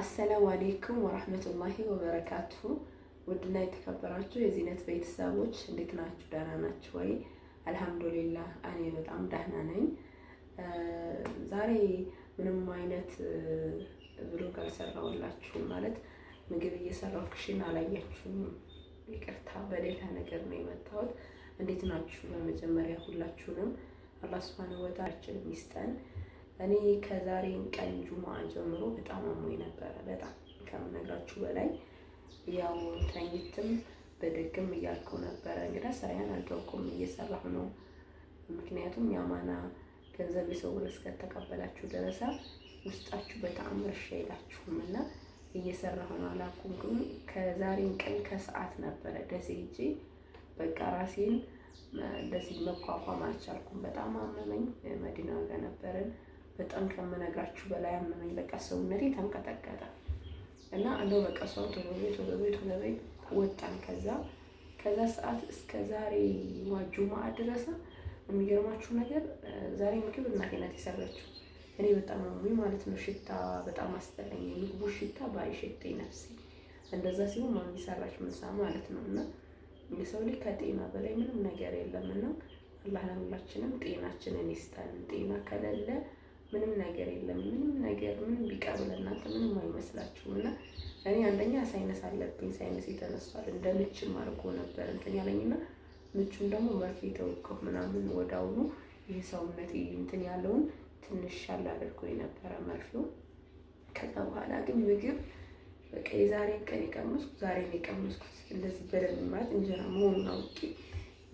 አሰላሙ አሌይኩም ወራህመቱላሂ ወበረካቱ። ውድና የተከበራችሁ የዚህነት ቤተሰቦች እንዴት ናችሁ? ደህና ናችሁ ወይ? አልሐምዱሊላህ እኔ በጣም ደህና ነኝ። ዛሬ ምንም አይነት ብሎግ አልሰራሁላችሁም። ማለት ምግብ እየሰራሁ ክሽን አላያችሁም። ይቅርታ፣ በሌላ ነገር ነው የመጣሁት። እንዴት ናችሁ? በመጀመሪያ ሁላችሁንም አላህ ሱብሃነሁ ወተዓላ ይስጠን። እኔ ከዛሬን ቀን ጁማ ጀምሮ በጣም አሞኝ ነበረ። በጣም ከምነግራችሁ በላይ ያው ተኝትም በደግም እያልከው ነበረ። እንግዳ ስራዬን አልተውኩም እየሰራሁ ነው። ምክንያቱም የአማና ገንዘብ የሰው የሰውር እስከተቀበላችሁ ደረሳ ውስጣችሁ በጣም እሺ አይላችሁም እና እየሰራሁ ነው። አላኩም ግን ከዛሬን ቀን ከሰዓት ነበረ ደሴ ሂጄ በቃ ራሴን እንደዚህ መቋቋም አልቻልኩም። በጣም አመመኝ። መዲና ጋር ነበርን በጣም ከምነግራችሁ በላይ አመመኝ። በቃ ሰውነቴ ተንቀጠቀጠ እና እንደው በቃ ሰው ቶሎ ቤት ቶሎ ቤት ቶሎ ቤት ወጣን። ከዛ ከዛ ሰዓት እስከ ዛሬ ጁምዓ ድረስ የሚገርማችሁ ነገር ዛሬ ምግብ እናቴ ናት የሰራችው። እኔ በጣም አሞኝ ማለት ነው። ሽታ በጣም አስጠላኝ። የምግቡ ሽታ ባይሸተኝ ነፍሴ። እንደዛ ሲሆን ማሚ ሰራች ምሳ ማለት ነው። እና የሰው ልጅ ከጤና በላይ ምንም ነገር የለም። እና አላህ ለሁላችንም ጤናችንን ይስጠን። ጤና ከሌለ ምንም ነገር የለም። ምንም ነገር ምንም ቢቀርብ ለእናንተ ምንም አይመስላችሁም። እና እኔ አንደኛ ሳይነስ አለብኝ። ሳይነስ የተነሷል እንደ ምችም አድርጎ ነበር እንትን ያለኝና ምቹም ደግሞ መርፌ ተወቀሁ ምናምን ወዳውኑ ይህ ሰውነት እንትን ያለውን ትንሽ ሻል አድርጎ የነበረ መርፌው። ከዛ በኋላ ግን ምግብ በቃ የዛሬን ቀን የቀመስኩት ዛሬን የቀመስኩት እንደዚህ በደንብ ማለት እንጀራ መሆኑን አውቄ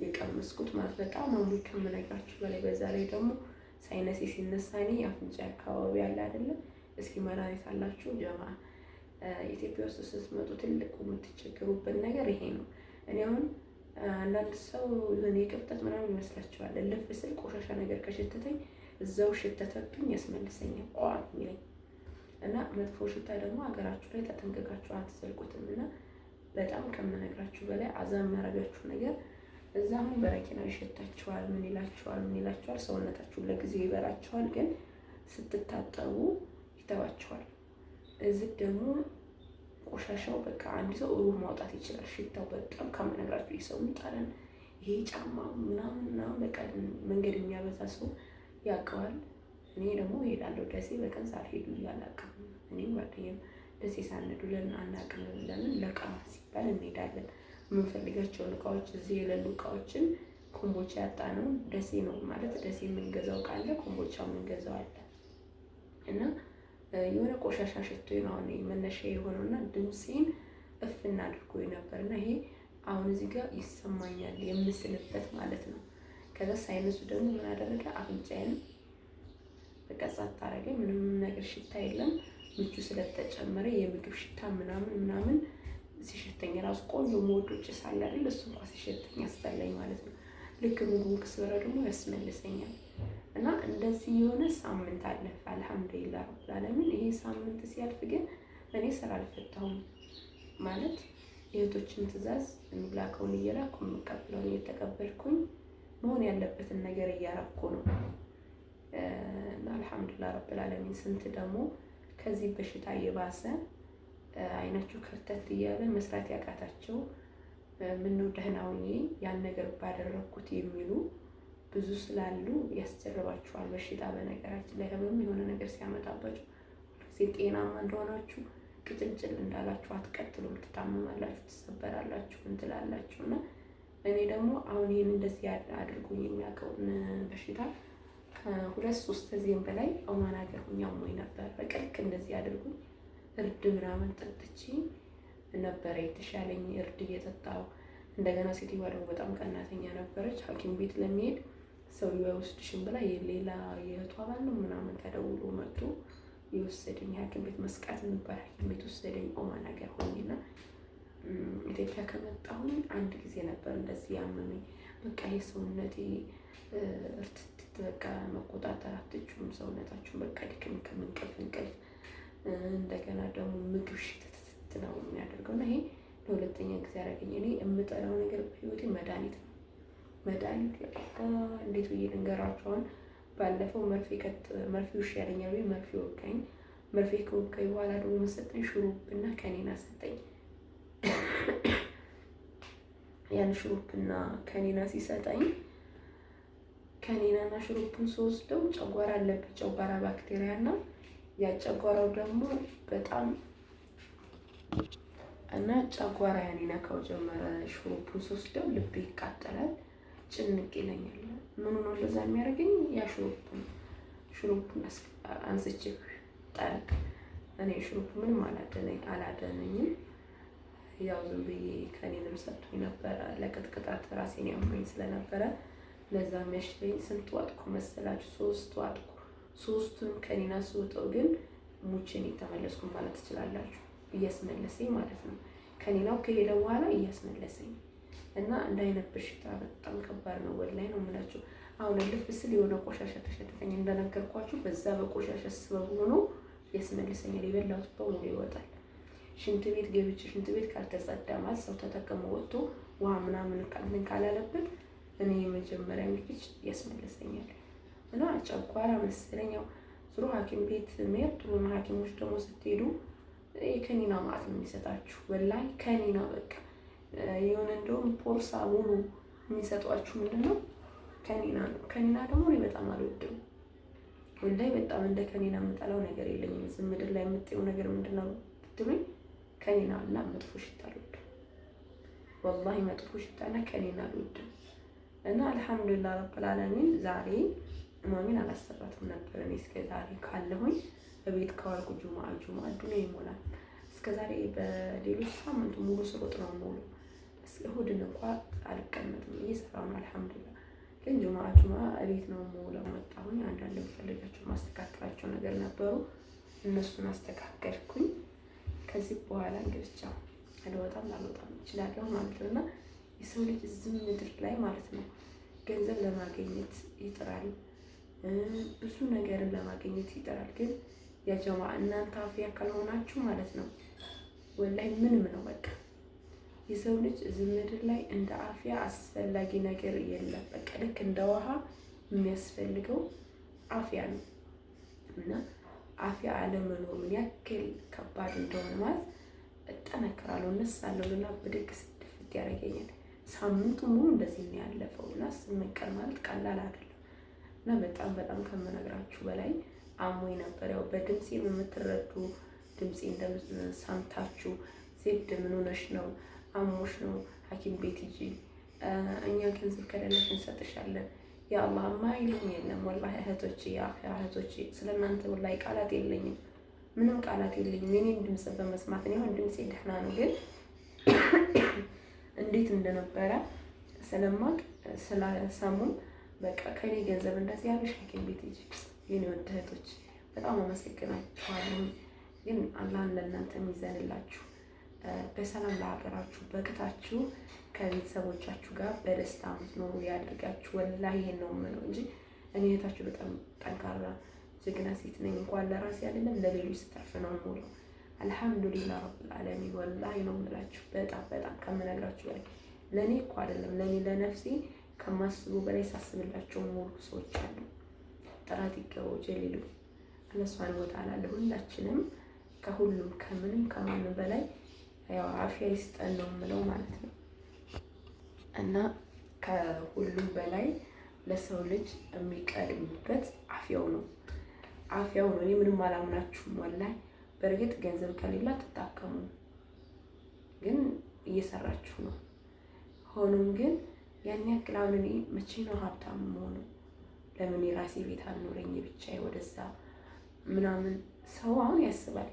የቀመስኩት ማለት በጣም አምሪ ከምነግራችሁ በላይ በዛ ላይ ደግሞ ሳይነሴ ሲነሳ እኔ አፍንጫ አካባቢ ያለ አይደለም። እስኪ መድኃኒት አላችሁ ጀማ ኢትዮጵያ ውስጥ ስትመጡ ትልቁ የምትቸገሩበት ነገር ይሄ ነው። እኔ አሁን አንዳንድ ሰው የሆነ የቅብጠት ምናምን ይመስላችኋል። ልፍ ስል ቆሻሻ ነገር ከሸተተኝ እዛው ሽተተብኝ ያስመልሰኛል ቋዋት ይለኝ እና መጥፎ ሽታ ደግሞ ሀገራችሁ ላይ ተጠንቀቃችሁ አትዘልቁትም እና በጣም ከምነግራችሁ በላይ አዛ ያረጋችሁ ነገር እዛ አሁን በረኪና ይሸታችኋል፣ ምን ይላችኋል፣ ምን ይላችኋል። ሰውነታችሁ ለጊዜ ይበራችኋል፣ ግን ስትታጠቡ ይተባችኋል። እዚህ ደግሞ ቆሻሻው በቃ አንድ ሰው ሩብ ማውጣት ይችላል። ሽታው በጣም ከምነግራችሁ የሰውን ጠረን ይሄ ጫማ ምናምን ምናምን በቃ መንገድ የሚያበዛ ሰው ያውቀዋል። እኔ ደግሞ እሄዳለሁ ደሴ በቀን ሳልሄዱ አላውቅም። እኔም ጓደኛም ደሴ ሳንሄዱ ለምን አናውቅም? ለምን ለቃ ሲባል እንሄዳለን የምንፈልጋቸውን እቃዎች እዚህ የሌሉ እቃዎችን ኮምቦቻ ያጣ ነው። ደሴ ነው ማለት ደሴ የምንገዛው እቃ ኮምቦቻ የምንገዛው አለ እና የሆነ ቆሻሻ ሽቶ ነው መነሻ የሆነው እና ድምፄን እፍ እናድርጎ ነበር እና ይሄ አሁን እዚህ ጋር ይሰማኛል የምስልበት ማለት ነው። ከዛ ሳይነሱ ደግሞ ምን አደረገ? አፍንጫዬን በቃ ጸጥ ምንም ነገር ሽታ የለም። ምቹ ስለተጨመረ የምግብ ሽታ ምናምን ምናምን ሲሸተኝ ራሱ ቆንጆ መወዶ ጭስ አለ አይደል? እሱ እንኳ ሲሸተኝ ያስጠላኝ ማለት ነው። ልክ ምግቡ ክስበራ ደግሞ ያስመልሰኛል። እና እንደዚህ የሆነ ሳምንት አለፈ። አልሐምዱሊላ ረብልዓለሚን። ይሄ ሳምንት ሲያልፍ ግን እኔ ስራ አልፈታሁም ማለት የእህቶችን ትእዛዝ የሚላከውን እየላኩ የምቀበለውን እየተቀበልኩኝ መሆን ያለበትን ነገር እያረኩ ነው። እና አልሐምዱሊላ ረብልዓለሚን ስንት ደግሞ ከዚህ በሽታ እየባሰ አይናችሁ ክፍተት እያለ መስራት ያቃታቸው ምነው ደህና ሆኜ ያን ነገር ባደረግኩት የሚሉ ብዙ ስላሉ ያስጀርባችኋል። በሽታ በነገራችን ላይ ህመም የሆነ ነገር ሲያመጣባችሁ ሁልጊዜ ጤናማ እንደሆናችሁ ቅጭልጭል እንዳላችሁ አትቀጥሉም። ትታመማላችሁ፣ ትሰበራላችሁ፣ እንትላላችሁ እና እኔ ደግሞ አሁን ይህን እንደዚህ አድርጎኝ የሚያውቀውን በሽታ ከሁለት ሶስት ጊዜም በላይ ኦማን ሀገር ሁኛ ወይ ነበር በቅልክ እንደዚህ አድርጎኝ እርድ ምናምን ጠጥቼ ነበረ የተሻለኝ። እርድ እየጠጣው እንደገና ሴትዮዋ ደግሞ በጣም ቀናተኛ ነበረች። ሐኪም ቤት ለመሄድ ሰውዬው አይወስድሽም ብላ የሌላ የእህቷ ባል ነው ምናምን ተደውሎ መጥቶ የወሰደኝ ሐኪም ቤት መስቃት የሚባል ሐኪም ቤት ወሰደኝ። ኦማን ሀገር ሆኜና ኢትዮጵያ ከመጣሁኝ አንድ ጊዜ ነበር እንደዚህ ያመመኝ። በቃ የሰውነቴ እርትት በቃ መቆጣጠር አትችሉም ሰውነታችሁን በቃ ድክም ከምን እንቅልፍ እንደገና ደግሞ ምግብ ሽትትት ነው የሚያደርገው እና ይሄ ለሁለተኛ ጊዜ ያደረገኝ። እኔ የምጠላው ነገር በህይወቴ መድኃኒት ነው። መድኃኒት እንዴት ብዬ ልንገራቸውን? ባለፈው መርፌ ውሽ ያለኛል ወይ መርፌ ወጋኝ። መርፌ ከወጋኝ በኋላ ደግሞ መሰጠኝ ሹሩብና ከኔና ሰጠኝ። ያን ሹሩብና ከኔና ሲሰጠኝ ከኔናና ሹሩብን ስወስደው ጨጓራ አለበት ጨጓራ ባክቴሪያ እና ያጨጓራው ደግሞ በጣም እና ጨጓራ ያን ይነካው ጀመረ። ሹሩቡ ስወስደው ልብ ይቃጠላል፣ ጭንቅ ይለኛል። ምኑ ነው ለዛ የሚያደርገኝ? ያ ሹሩቡ ነው። አንስቼ ጠረቅ እኔ ሹሩቡ ምንም አላደነኝ አላደነኝም። ያው ዝም ብዬ ከኔንም ሰጥቶኝ ነበረ ለቅጥቅጣት ራሴን ያመኝ ስለነበረ ለዛ መሽለኝ። ስንት ዋጥኩ መሰላችሁ? ሶስት ዋጥኩ ሶስቱን ከኔና ስወጣው ግን ሙችን የተመለስኩ ማለት ትችላላችሁ። እያስመለሰኝ ማለት ነው። ከሌላው ከሄደ በኋላ እያስመለሰኝ እና እንደ አይነት በሽታ በጣም ከባድ ነው። ወላሂ ነው የምላችሁ። አሁን ልፍ ስል የሆነ ቆሻሻ ተሸጥፈኝ እንደነገርኳችሁ፣ በዛ በቆሻሻ ስበብ ሆኖ ያስመልሰኛል። የበላሁት በሙሉ ይወጣል። ሽንት ቤት ገብቼ ሽንት ቤት ካልተጸዳ ማለት ሰው ተጠቅሞ ወጥቶ ውሃ ምናምን ካላለበት እኔ የመጀመሪያ እንግዲህ ያስመልሰኛል። እና ጨጓራ መሰለኝ ያው ዙሮ ሐኪም ቤት መሄድ ጥሩ ነው። ሐኪሞች ደግሞ ስትሄዱ ከኒና ማለት ነው የሚሰጣችሁ ወላሂ ከኒና በቃ የሆነ እንደውም ፖርሳ ሙሉ የሚሰጧችሁ ምንድን ነው ከኒና ነው። ከኒና ደግሞ እኔ በጣም አልወድም ወላይ በጣም እንደ ከኒና የምጠላው ነገር የለኝም። እዚህ ምድር ላይ የምጠየው ነገር ምንድን ነው ብትሉኝ ከኒና እና መጥፎ ሽታ አልወድም። ወላሂ መጥፎ ሽታና ከኒና አልወድም እና አልሐምዱሊላህ ረብል ዓለሚን ዛሬ ማሚን አላሰራትም ነበር። እኔ እስከ ዛሬ ካለሁኝ በቤት ከዋልኩ ጁማ ጁማ ዱኔ ይሞላል። እስከ ዛሬ በሌሎች ሳምንቱ ሙሉ ስሮጥ ነው ሙሉ እሁድን እንኳ አልቀመጥም እየሰራሁ ነው። አልሐምዱላ ግን ጁማ ጁማ እቤት ነው ሙሉ መጣሁኝ አንዳንድ የምፈልጋቸው ማስተካከላቸው ነገር ነበሩ። እነሱን አስተካከልኩኝ። ከዚህ በኋላ እንግዲህ ቻው አልወጣም ላልወጣም እችላለሁ ማለት ነው። እና የሰው ልጅ እዚህ ምድር ላይ ማለት ነው ገንዘብ ለማግኘት ይጥራል ብዙ ነገርን ለማግኘት ይጥራል። ግን ያጀማ እናንተ አፍያ ካልሆናችሁ ማለት ነው ወላይ ምንም ነው በቃ የሰው ልጅ እዚህ ምድር ላይ እንደ አፍያ አስፈላጊ ነገር የለም። በቃ ልክ እንደ ውሃ የሚያስፈልገው አፍያ ነው እና አፍያ አለመኖር ምን ያክል ከባድ እንደሆነ ማለት እጠነክራለሁ፣ እነሳለሁ ልና ብድግ ስድፍት ያደርገኛል። ሳምንቱ ሙሉ እንደዚህ ነው ያለፈው እና ስንቀር ማለት ቀላል አይደለም። እና በጣም በጣም ከምነግራችሁ በላይ አሞኝ ነበር። ያው በድምፄ የምትረዱ ድምፄ እንደሰምታችሁ ዜድ ምን ሆነሽ ነው? አሞሽ ነው? ሐኪም ቤት ሂጂ፣ እኛ ገንዘብ ከሌለሽ እንሰጥሻለን። የአላህ ማይልኝ የለም ወላሂ እህቶቼ፣ የአኺራ እህቶቼ ስለእናንተ ወላሂ ቃላት የለኝም፣ ምንም ቃላት የለኝም። የኔን ድምፅ በመስማት ነው። አሁን ድምፄ ደህና ነው፣ ግን እንዴት እንደነበረ ስለማቅ ስለሰሙን በቃ ከኔ ገንዘብ እንደዚህ ያለሽ ሐኪም ቤት ሂጂ። የኔ ውድ እህቶች በጣም አመሰግናችኋለሁ። ግን አላህ ለእናንተ የሚዘንላችሁ በሰላም ለሀገራችሁ በቅታችሁ ከቤተሰቦቻችሁ ጋር በደስታ ኖሩ ያድርጋችሁ። ወላሂ ይሄን ነው የምለው እንጂ እኔ እህታችሁ በጣም ጠንካራ ጀግና ሴት ነኝ። እንኳን ለራሴ አይደለም ለሌሎች ስታርፍ ነው የምውለው። አልሐምዱሊላ ረብል ዓለሚን ወላሂ ነው የምላችሁ። በጣም በጣም ከምነግራችሁ በላይ ለእኔ እኮ አይደለም ለእኔ ለነፍሴ ከማስቡ በላይ ሳስብላቸው ሞሉ ሰዎች አሉ። ጥራት ይገባው ጀሊሉ አላስዋን ወጣላ ለሁላችንም ከሁሉም ከምንም ከማንም በላይ ያው አፊያ ይስጠን ነው የምለው ማለት ነው። እና ከሁሉም በላይ ለሰው ልጅ የሚቀድምበት አፊያው ነው። አፍያው ነው። እኔ ምንም አላምናችሁም ወላሂ። በእርግጥ ገንዘብ ከሌላ ትታከሙ ግን እየሰራችሁ ነው። ሆኖም ግን ያን ያክል አሁን እኔ መቼ ነው ሀብታም መሆኑ? ለምን የራሴ ቤት አልኖረኝ ብቻ ወደዛ ምናምን ሰው አሁን ያስባል።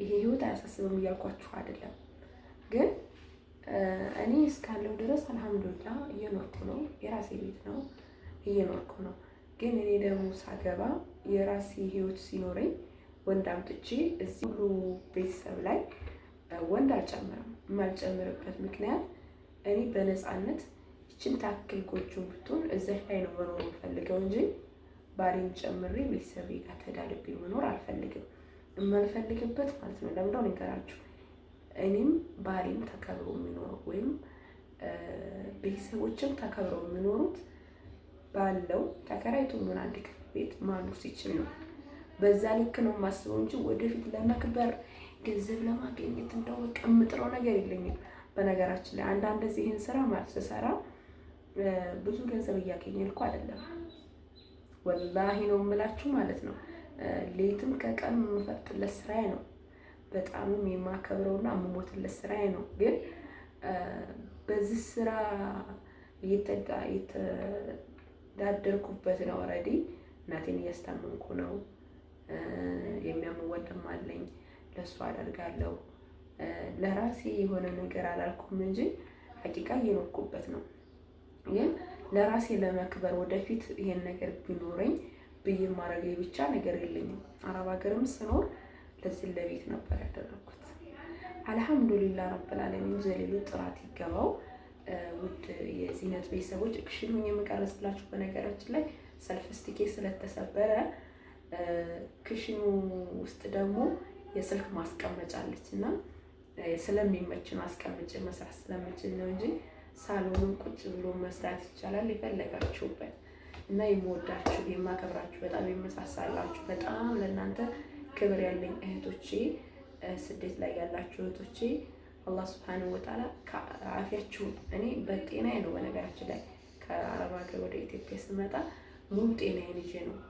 ይሄ ህይወት አያሳስብም እያልኳችሁ አይደለም፣ ግን እኔ እስካለው ድረስ አልሐምዱላ እየኖርኩ ነው። የራሴ ቤት ነው እየኖርኩ ነው። ግን እኔ ደግሞ ሳገባ የራሴ ህይወት ሲኖረኝ ወንድ አምጥቼ እዚህ ሁሉ ቤተሰብ ላይ ወንድ አልጨምርም። የማልጨምርበት ምክንያት እኔ በነፃነት ይችን ታክል ጎጆ ብትሆን እዚህ ላይ ነው መኖር የምፈልገው እንጂ ባሌን ጨምሬ ቤተሰቤ ጋር ተዳልቤ መኖር አልፈልግም። የማልፈልግበት ማለት ነው ለምደው ነገራችሁ። እኔም ባሌም ተከብሮ የሚኖረው ወይም ቤተሰቦችም ተከብረው የሚኖሩት ባለው ተከራይቶ ምን አንድ ክፍል ቤት ማኖር ሲችል ነው። በዛ ልክ ነው የማስበው እንጂ ወደፊት ለመክበር ገንዘብ ለማገኘት እንደው በቃ የምጥረው ነገር የለኝም። በነገራችን ላይ አንዳንድ ዚህ ይህን ስራ ማለት ስሰራ ብዙ ገንዘብ እያገኘ ልኩ አይደለም። ወላሂ ነው የምላችሁ ማለት ነው። ሌትም ከቀን የምፈጥለት ስራዬ ነው። በጣምም የማከብረውና የምሞትለት ስራዬ ነው። ግን በዚህ ስራ የተዳደርኩበት ነው። ኦልሬዲ እናቴን እያስታመምኩ ነው። የሚያምወድም አለኝ ለእሱ አደርጋለሁ ለራሴ የሆነ ነገር አላልኩም እንጂ ሀቂቃ እየኖርኩበት ነው። ግን ለራሴ ለመክበር ወደፊት ይሄን ነገር ቢኖረኝ ብዬ ማድረግ ብቻ ነገር የለኝም። አረብ ሀገርም ስኖር ለዚህ ለቤት ነበር ያደረግኩት። አልሐምዱሊላ ረብልዓለሚን ዘሌሉ ጥራት ይገባው። ውድ የዚህነት ቤተሰቦች እክሽን ሆኜ የምቀረጽላችሁ በነገራችን ላይ ሰልፍ ስቲኬ ስለተሰበረ ክሽኑ ውስጥ ደግሞ የስልክ ማስቀመጫ አለች እና ስለሚመችን አስቀምጬ መስራት ስለምችል ነው እንጂ ሳሎንም ቁጭ ብሎ መስራት ይቻላል። የፈለጋችሁበት እና የምወዳችሁ የማከብራችሁ በጣም የመሳሳላችሁ በጣም ለእናንተ ክብር ያለኝ እህቶቼ፣ ስደት ላይ ያላችሁ እህቶቼ አላህ ስብሐነሁ ወተዓላ ከአፊያችሁ እኔ በጤናዬ ነው። በነገራችን ላይ ከአረብ ሀገር ወደ ኢትዮጵያ ስመጣ ሙሉ ጤናዬን ይዤ ነው።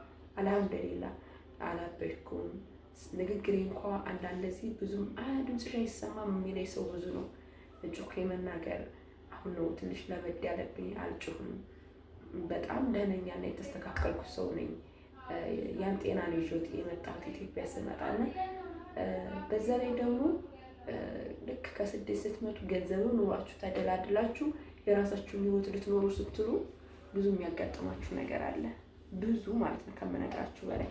አልሐምዱሊላህ አላበድኩም። ንግግሬ እንኳ አንዳንደዚህ ብዙም ላይ ይሰማ የሚለኝ ሰው ብዙ ነው። እጮኬ መናገር አሁን ነው ትንሽ ለበድ ያለብኝ። አልጭሁም በጣም ደህነኛና የተስተካከልኩ ሰው ነኝ። ያን ጤና ነው ይዞት የመጣሁት ኢትዮጵያ ስመጣና በዛ ላይ ደግሞ ልክ ከስድስት ስትመጡ ገንዘብ ኑሯችሁ ተደላድላችሁ የራሳችሁን ህይወት ልትኖሩ ስትሉ ብዙ የሚያጋጥማችሁ ነገር አለ። ብዙ ማለት ነው ከምነግራችሁ በላይ